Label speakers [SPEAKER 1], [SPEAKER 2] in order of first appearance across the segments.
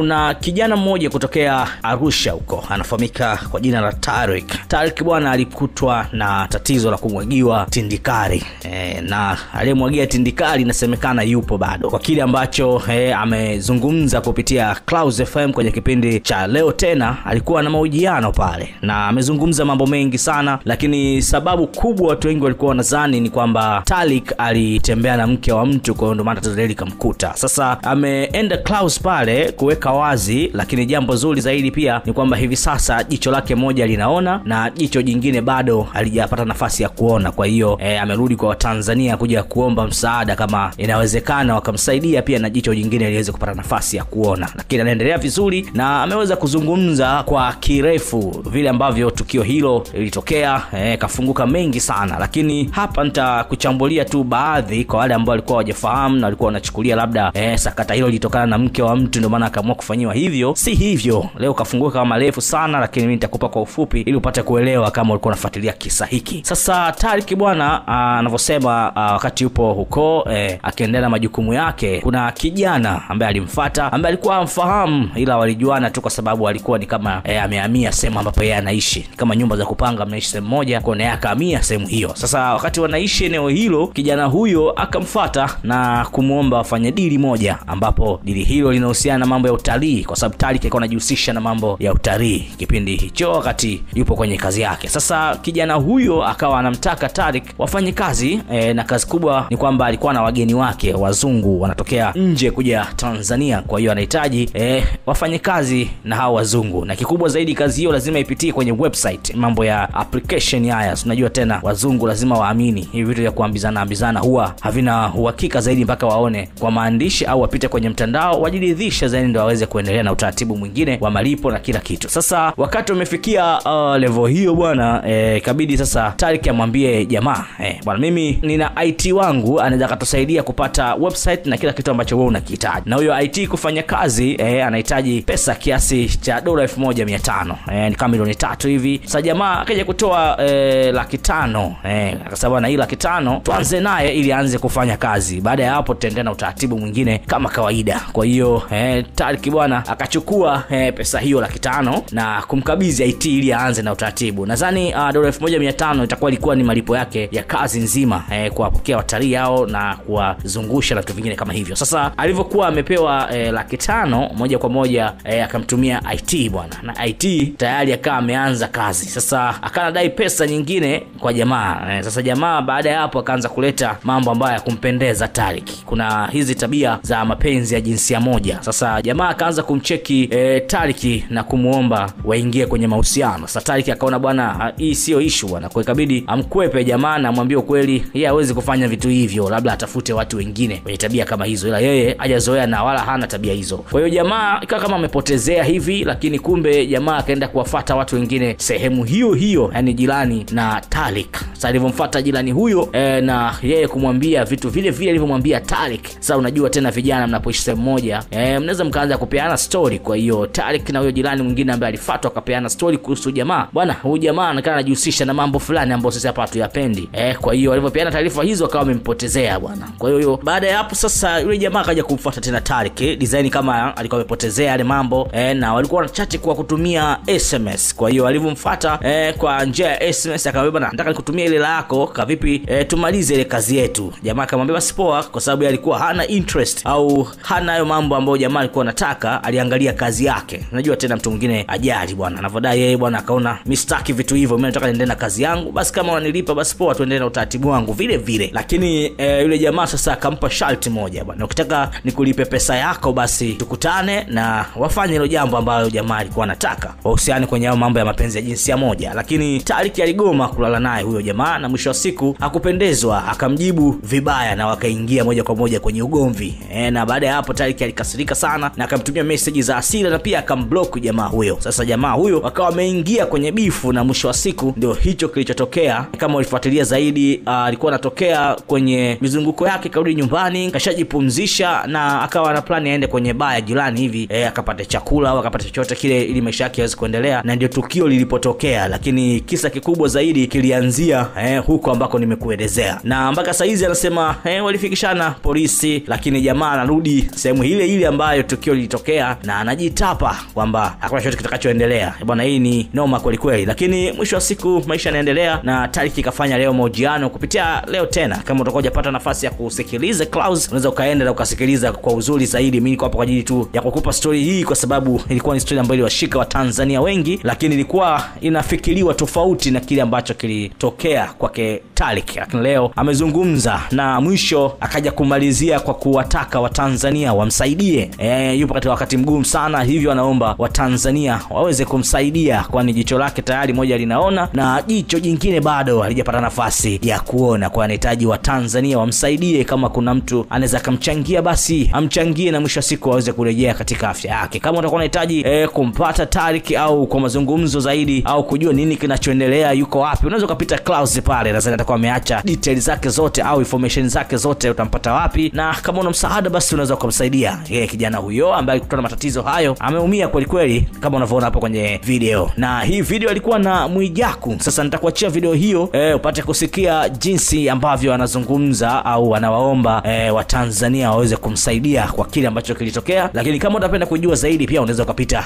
[SPEAKER 1] kuna kijana mmoja kutokea Arusha huko anafahamika kwa jina la Tarik. Tarik bwana alikutwa na tatizo la kumwagiwa tindikari e, na aliyemwagia tindikari inasemekana yupo bado, kwa kile ambacho e, amezungumza kupitia Klaus FM kwenye kipindi cha leo tena, alikuwa na mahojiano pale na amezungumza mambo mengi sana, lakini sababu kubwa watu wengi walikuwa wanadhani ni kwamba Talik alitembea na mke wa mtu, kwa hiyo ndio maana tatizo likamkuta. Sasa ameenda klaus pale kuweka kuweka wazi, lakini jambo zuri zaidi pia ni kwamba hivi sasa jicho lake moja linaona na jicho jingine bado halijapata nafasi ya kuona. Kwa hiyo e, amerudi kwa Watanzania kuja kuomba msaada, kama inawezekana wakamsaidia pia na jicho jingine liweze kupata nafasi ya kuona, lakini anaendelea vizuri na ameweza kuzungumza kwa kirefu vile ambavyo tukio hilo lilitokea. E, kafunguka mengi sana, lakini hapa nitakuchambulia tu baadhi kwa wale ambao walikuwa hawajafahamu na walikuwa wanachukulia labda e, sakata hilo lilitokana na mke wa mtu, ndio maana akaamua kufanyiwa hivyo si hivyo. Leo kafunguka kama marefu sana, lakini mimi nitakupa kwa ufupi ili upate kuelewa kama ulikuwa unafuatilia kisa hiki. Sasa Tariki bwana ah, anavyosema ah, wakati yupo huko eh, akiendelea na majukumu yake, kuna kijana ambaye alimfata ambaye alikuwa amfahamu ila walijuana tu kwa sababu alikuwa ni kama eh, amehamia sehemu ambapo yeye anaishi, kama nyumba za kupanga, mnaishi sehemu moja, kwa naye akahamia sehemu hiyo. Sasa wakati wanaishi eneo hilo, kijana huyo akamfata na kumwomba wafanye dili moja, ambapo dili hilo linahusiana na mambo ya utalii, kwa sababu Tariq alikuwa anajihusisha na mambo ya utalii kipindi hicho wakati yupo kwenye kazi yake. Sasa kijana huyo akawa anamtaka tarik wafanye kazi e, na kazi kubwa ni kwamba alikuwa na wageni wake wazungu wanatokea nje kuja Tanzania, kwa hiyo anahitaji e, wafanye kazi na hao wazungu, na kikubwa zaidi kazi hiyo lazima ipitie kwenye website. Mambo ya application haya unajua tena, wazungu lazima waamini hivi vitu vya kuambizana ambizana huwa havina uhakika zaidi mpaka waone kwa maandishi au wapite kwenye mtandao wajiridhishe zaidi ndio waweze kuendelea na utaratibu mwingine wa malipo na kila kitu. Sasa wakati umefikia uh, level hiyo bwana, eh, ikabidi eh, sasa Tariq amwambie jamaa eh, bwana, mimi nina IT wangu anaweza akatusaidia kupata website na kila kitu ambacho wewe unakihitaji, na huyo IT kufanya kazi eh, anahitaji pesa kiasi cha dola elfu moja mia tano eh, ni kama milioni tatu hivi. Sasa jamaa akaja kutoa eh, laki tano eh, akasema hii laki tano tuanze naye ili aanze kufanya kazi. Baada ya hapo tutaendelea na utaratibu mwingine kama kawaida. Kwa hiyo eh, Patrick bwana akachukua eh, pesa hiyo laki tano na kumkabidhi IT ili aanze na utaratibu. Nadhani uh, dola 1500 itakuwa ilikuwa ni malipo yake ya kazi nzima eh, kuwapokea watalii hao na kuwazungusha na vitu vingine kama hivyo. Sasa alivyokuwa amepewa eh, laki tano moja kwa moja eh, akamtumia IT bwana, na IT tayari akawa ameanza kazi. Sasa akanadai pesa nyingine kwa jamaa eh, sasa jamaa baada ya hapo akaanza kuleta mambo ambayo ya kumpendeza Tariq. Kuna hizi tabia za mapenzi ya jinsia moja. Sasa jamaa akaanza kumcheki e, Tariki na kumwomba waingie kwenye mahusiano. Sasa Tariki akaona bwana, hii sio issue bwana, kwa ikabidi amkwepe jamaa na amwambie ukweli, yeye hawezi kufanya vitu hivyo, labda atafute watu wengine wenye tabia kama hizo, ila yeye hajazoea na wala hana tabia hizo. Kwa hiyo jamaa ikawa kama amepotezea hivi, lakini kumbe jamaa akaenda kuwafata watu wengine sehemu hiyo hiyo, yani jirani na Talik. Sasa alivyomfata jirani huyo e, na yeye kumwambia vitu vile vile alivyomwambia Talik. Sasa unajua tena vijana mnapoishi sehemu moja e, mnaweza mkaanza kupeana story. Kwa hiyo Tariq na huyo jirani mwingine ambaye alifuatwa akapeana story kuhusu jamaa, bwana huyu jamaa anaonekana anajihusisha na mambo fulani ambayo sisi hapa hatuyapendi eh. Kwa hiyo walivyopeana taarifa hizo akawa amempotezea bwana. Kwa hiyo baada ya hapo sasa yule jamaa akaja kumfuata tena Tariq eh, design kama alikuwa amepotezea yale mambo eh, na walikuwa wachache kwa kutumia SMS. Kwa hiyo alivyomfuata eh, kwa njia ya SMS akamwambia nataka nikutumia ile lako kavipi, eh, tumalize ile kazi yetu. Jamaa akamwambia basi poa, kwa sababu alikuwa hana interest au hana hayo mambo ambayo jamaa alikuwa anataka alitaka aliangalia kazi yake. Unajua tena mtu mwingine ajali bwana, anavyodai yeye bwana, akaona mistaki vitu hivyo, mimi nataka niendelee na kazi yangu, basi kama wananilipa basi poa, tuendelee na utaratibu wangu vile vile. Lakini e, yule jamaa sasa akampa sharti moja bwana, ukitaka nikulipe pesa yako basi tukutane na wafanye hilo jambo ambalo jamaa alikuwa anataka, wahusiane kwenye hayo mambo ya mapenzi ya jinsia moja. Lakini Tariki aligoma kulala naye huyo jamaa, na mwisho wa siku hakupendezwa, akamjibu vibaya na wakaingia moja kwa moja kwenye ugomvi e, na baada ya hapo Tariki alikasirika sana na akamtumia meseji za asira na pia akamblock jamaa huyo. Sasa jamaa huyo wakawa wameingia kwenye bifu, na mwisho wa siku ndio hicho kilichotokea. Kama ulifuatilia zaidi, ah, alikuwa uh, anatokea kwenye mizunguko yake, karudi nyumbani, kashajipumzisha na akawa na plani aende kwenye baa ya jirani hivi e, akapate chakula au akapate chochote kile, ili maisha yake yaweze kuendelea, na ndio tukio lilipotokea. Lakini kisa kikubwa zaidi kilianzia eh, huko ambako nimekuelezea, na mpaka saizi anasema eh, walifikishana polisi, lakini jamaa anarudi sehemu ile ile ambayo tukio kilitokea na anajitapa kwamba hakuna chochote kitakachoendelea. Bwana, hii ni noma kweli kweli, lakini mwisho wa siku maisha yanaendelea, na Tariki kafanya leo mahojiano kupitia leo tena. Kama utakuwa hujapata nafasi ya kusikiliza klaus unaweza ukaenda na ukasikiliza kwa uzuri zaidi. Mimi niko hapa kwa ajili tu ya kukupa story hii, kwa sababu ilikuwa ni story ambayo iliwashika Watanzania wengi, lakini ilikuwa inafikiriwa tofauti na kile ambacho kilitokea kwake Tariq, lakini leo amezungumza na mwisho akaja kumalizia kwa kuwataka Watanzania wamsaidie e, yupo katika wakati mgumu sana, hivyo anaomba Watanzania waweze kumsaidia, kwani jicho lake tayari moja linaona na jicho jingine bado halijapata nafasi ya kuona, kwa anahitaji Watanzania wamsaidie. Kama kuna mtu anaweza akamchangia, basi amchangie na mwisho wa siku aweze kurejea katika afya yake. Kama utakuwa unahitaji eh, kumpata Tariki au kwa mazungumzo zaidi au kujua nini kinachoendelea, yuko wapi, unaweza ukapita Clouds pale, nadhani atakuwa ameacha details zake zote au information zake zote, utampata wapi, na kama una msaada, basi unaweza ukamsaidia yeye kijana huyo ambaye alikutana na matatizo hayo ameumia kwelikweli, kama unavyoona hapo kwenye video, na hii video alikuwa na Mwijaku. Sasa nitakuachia video hiyo e, upate kusikia jinsi ambavyo anazungumza au anawaomba e, Watanzania waweze kumsaidia kwa kile ambacho kilitokea, lakini kama utapenda kujua zaidi, pia unaweza ukapita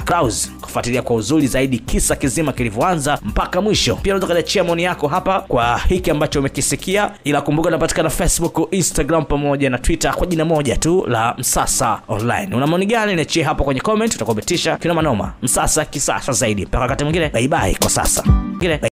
[SPEAKER 1] kufuatilia kwa uzuri zaidi kisa kizima kilivyoanza mpaka mwisho. Pia unaweza ukaniachia maoni yako hapa kwa hiki ambacho umekisikia, ila kumbuka unapatikana Facebook, Instagram pamoja na Twitter kwa jina moja tu la Msasa Online. Una maoni gani? gani, niachie hapo kwenye comment, utakopitisha kinoma noma. Msasa kisasa zaidi. Mpaka wakati mwingine, bye bye kwa sasa.